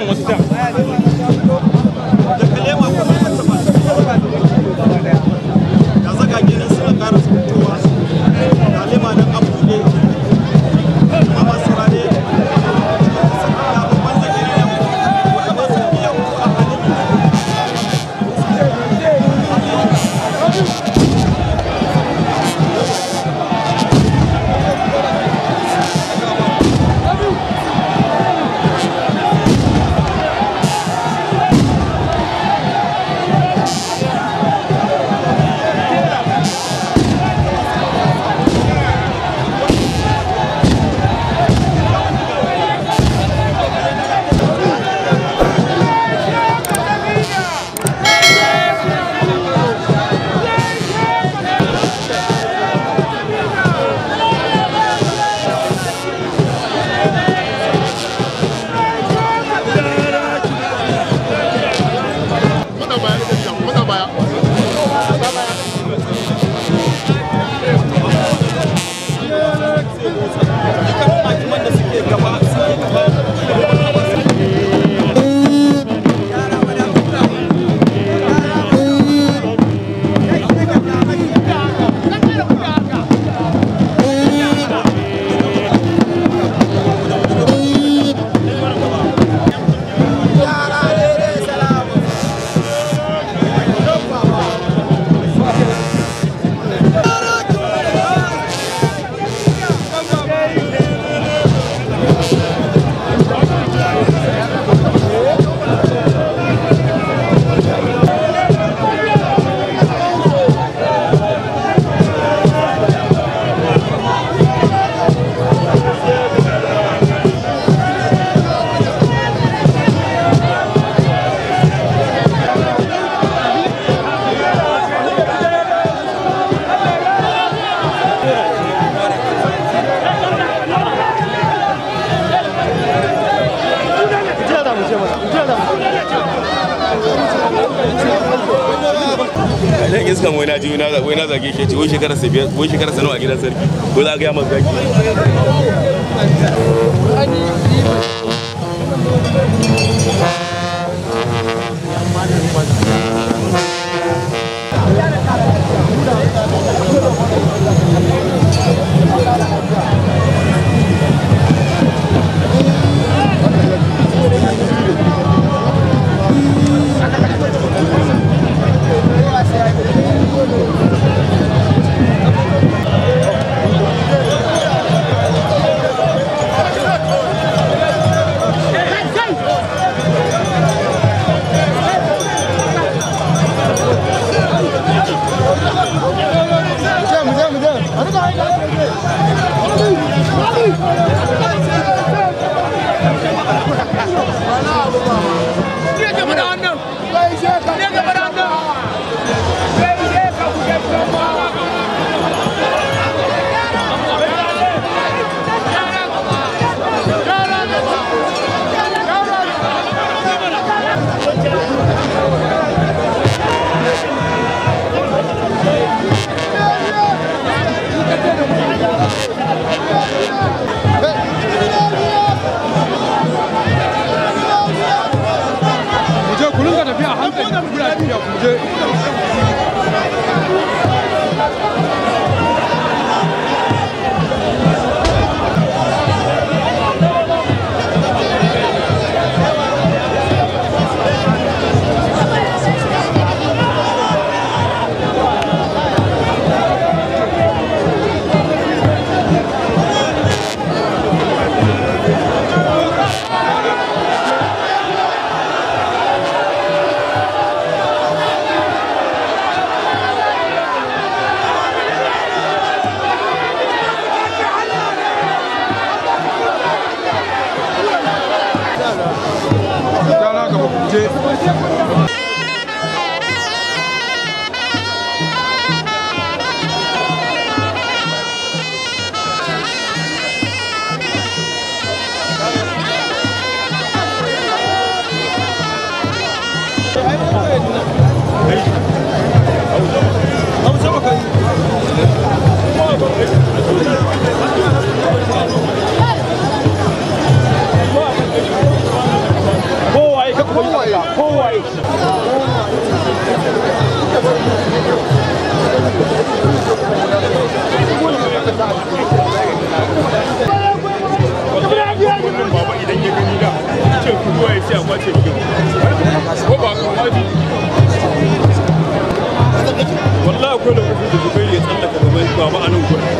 وسع wai na zage shi wai shekara sai biyar wai shekara sa nawa gidan sarki ko za ka ga maka zaki Good. ba anan kuwa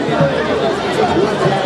来。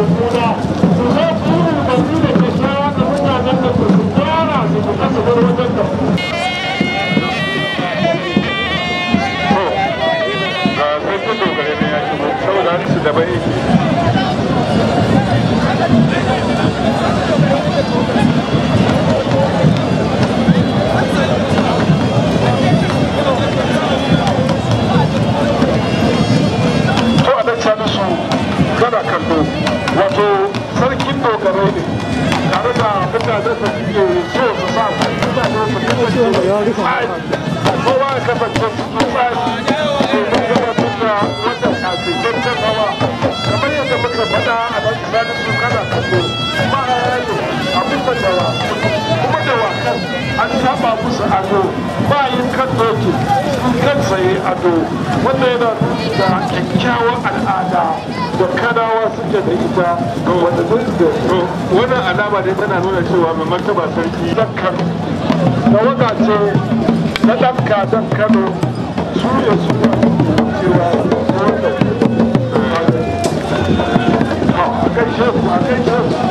before the wanda yana nuni da kyakkyawar al'ada da kanawa suke da ita ga wanda da wani alama ne tana nuna cewa mai martaba sarki dan kano da wata ce na ɗanka dan kano su ya su cewa a kai shefu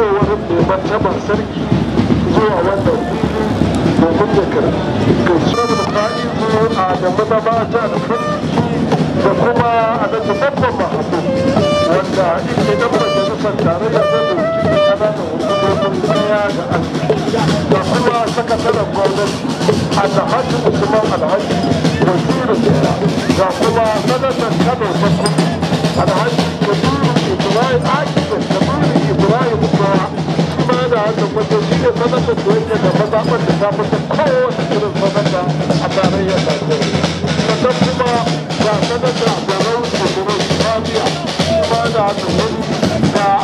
isowar mai martaban sarki zuwa wannan fili domin da kar gaisuwar da fa'izu a da mazabata da sarki da kuma a da babban mahabu wanda ita da majalisar tare da zama cikin ƙananan hukumomin baya da arziki da kuma sakataren gwamnati alhaji usman alhaji wazirin da kuma sanatar kano ta alhaji wannan waje shi ne sanata soyayya da mazaɓar da ta fita a tarayyar Najeriya. Sannan kuma ga sanata da rawar da kuma Islamiyya shi ma da da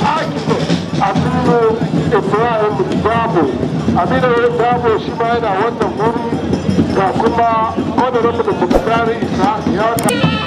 wannan wuri ga kuma honorable Bukari Isa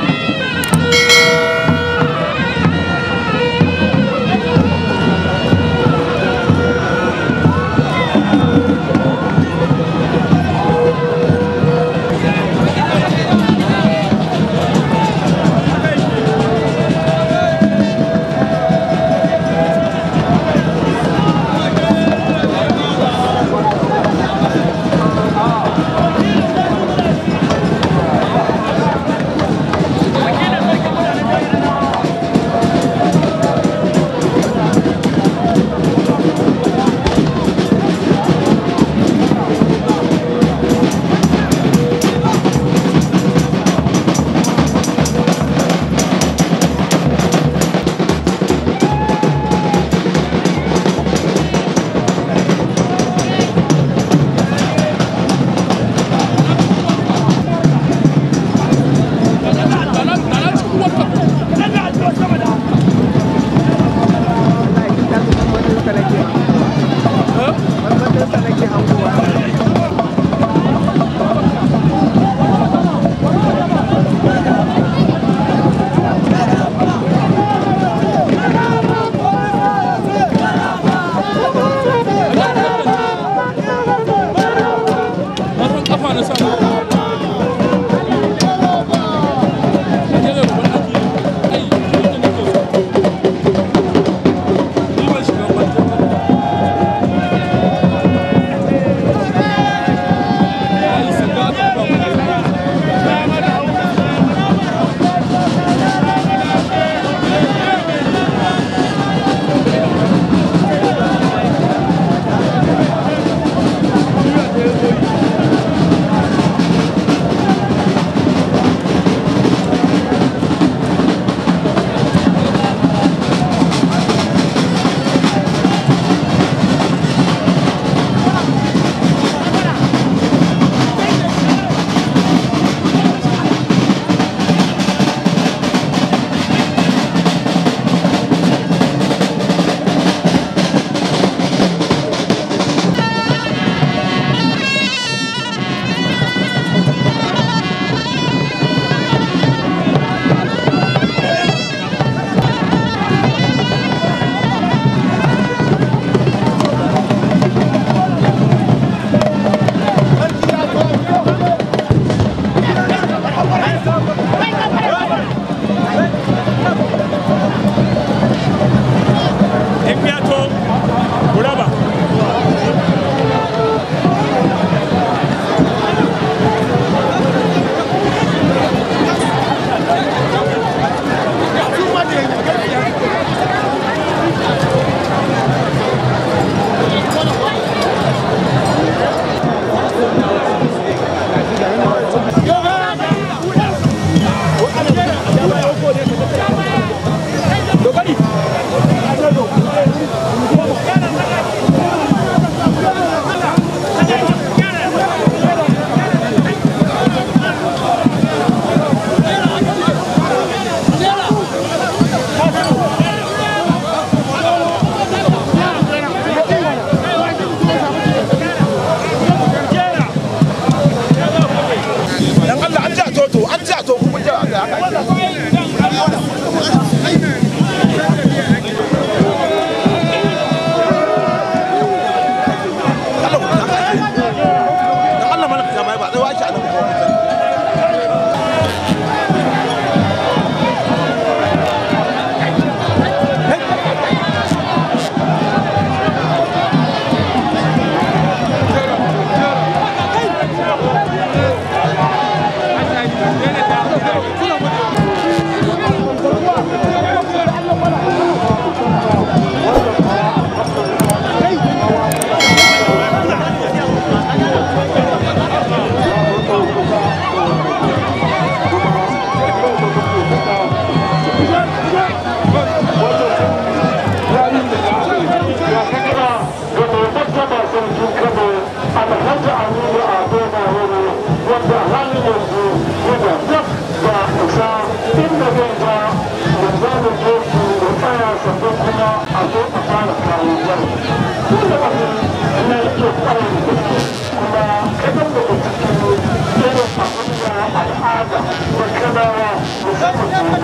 al'ada ta kanawa musamman ta gwamnawa da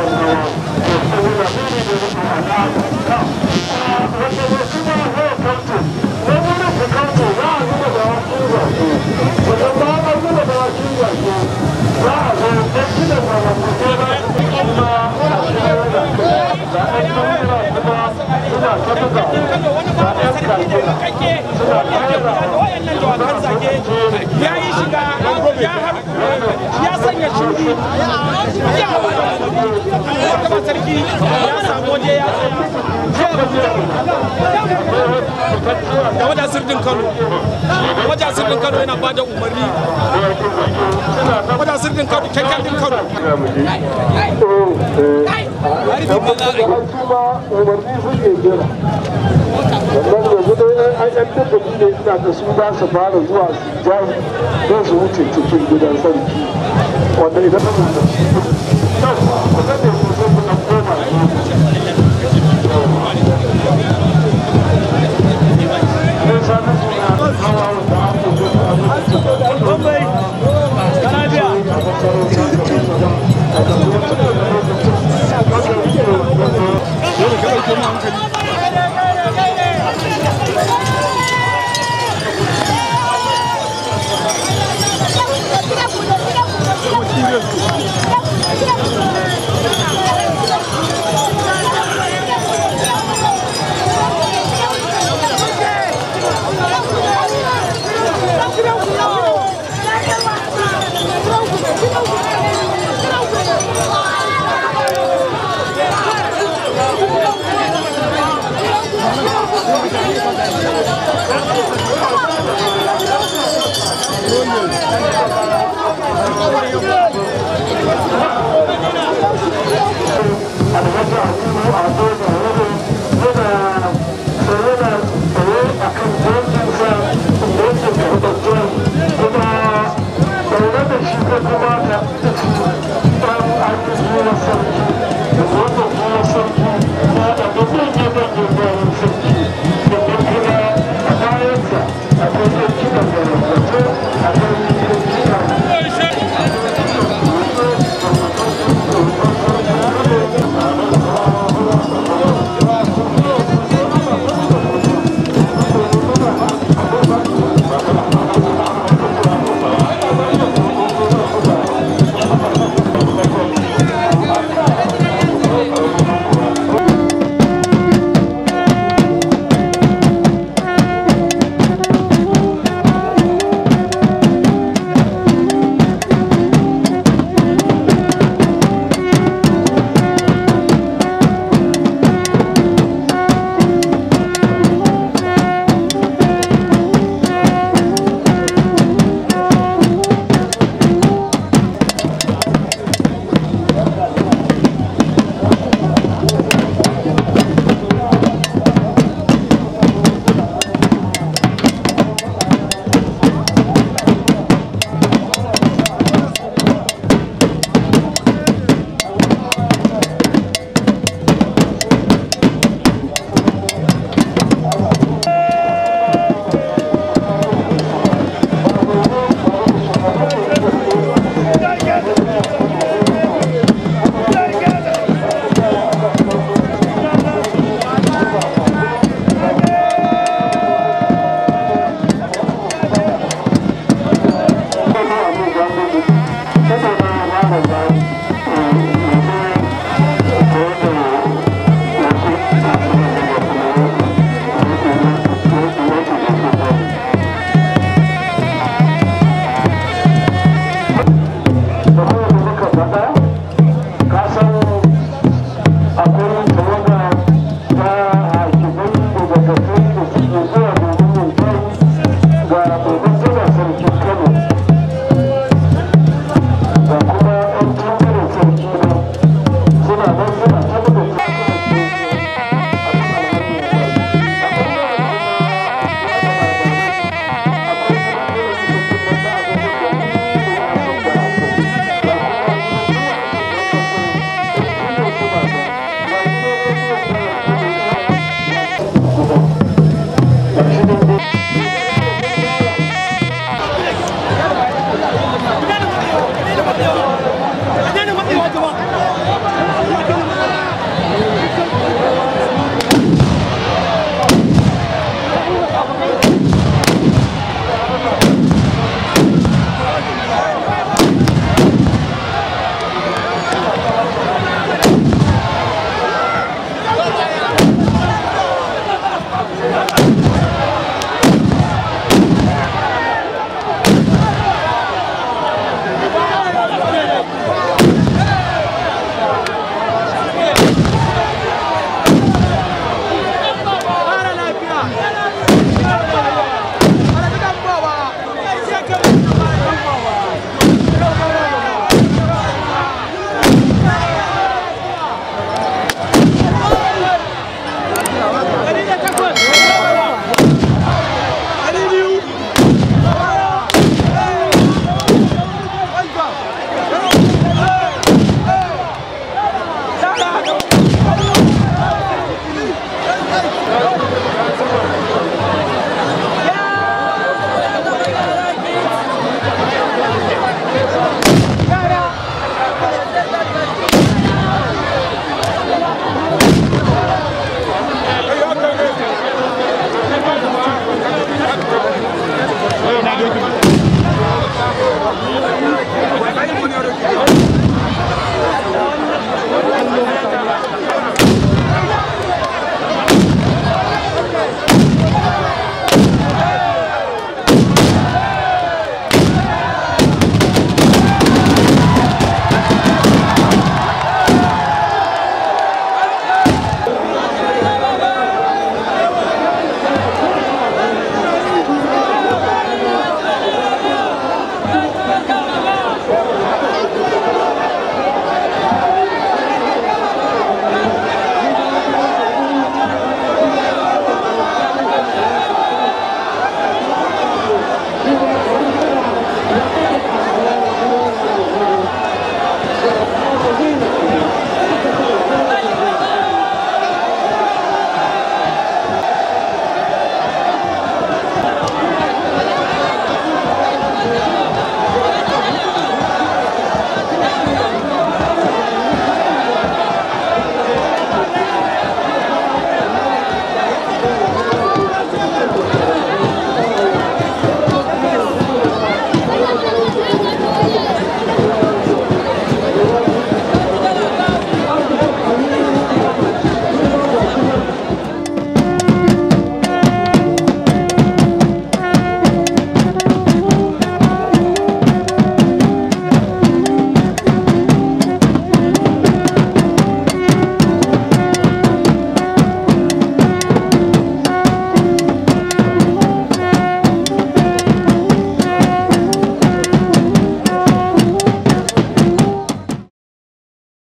su nuna mini da nufin ma su za a zuba da wasu zafi wajen a zuba da wasu zafi za a zo don kiɗan zamantakewa ya yi shiga ya ya sanya shudi ya kama sarki ya samu waje ya da wajen sirrin kano wajen sirrin kano yana ba da umarni wajen sirrin kano kyakkyan din kano harifin da za a yi su dai an yan tabbaki ne ina da su za su fara zuwa su jawo don su wuce cikin gidan sarki wanda idan được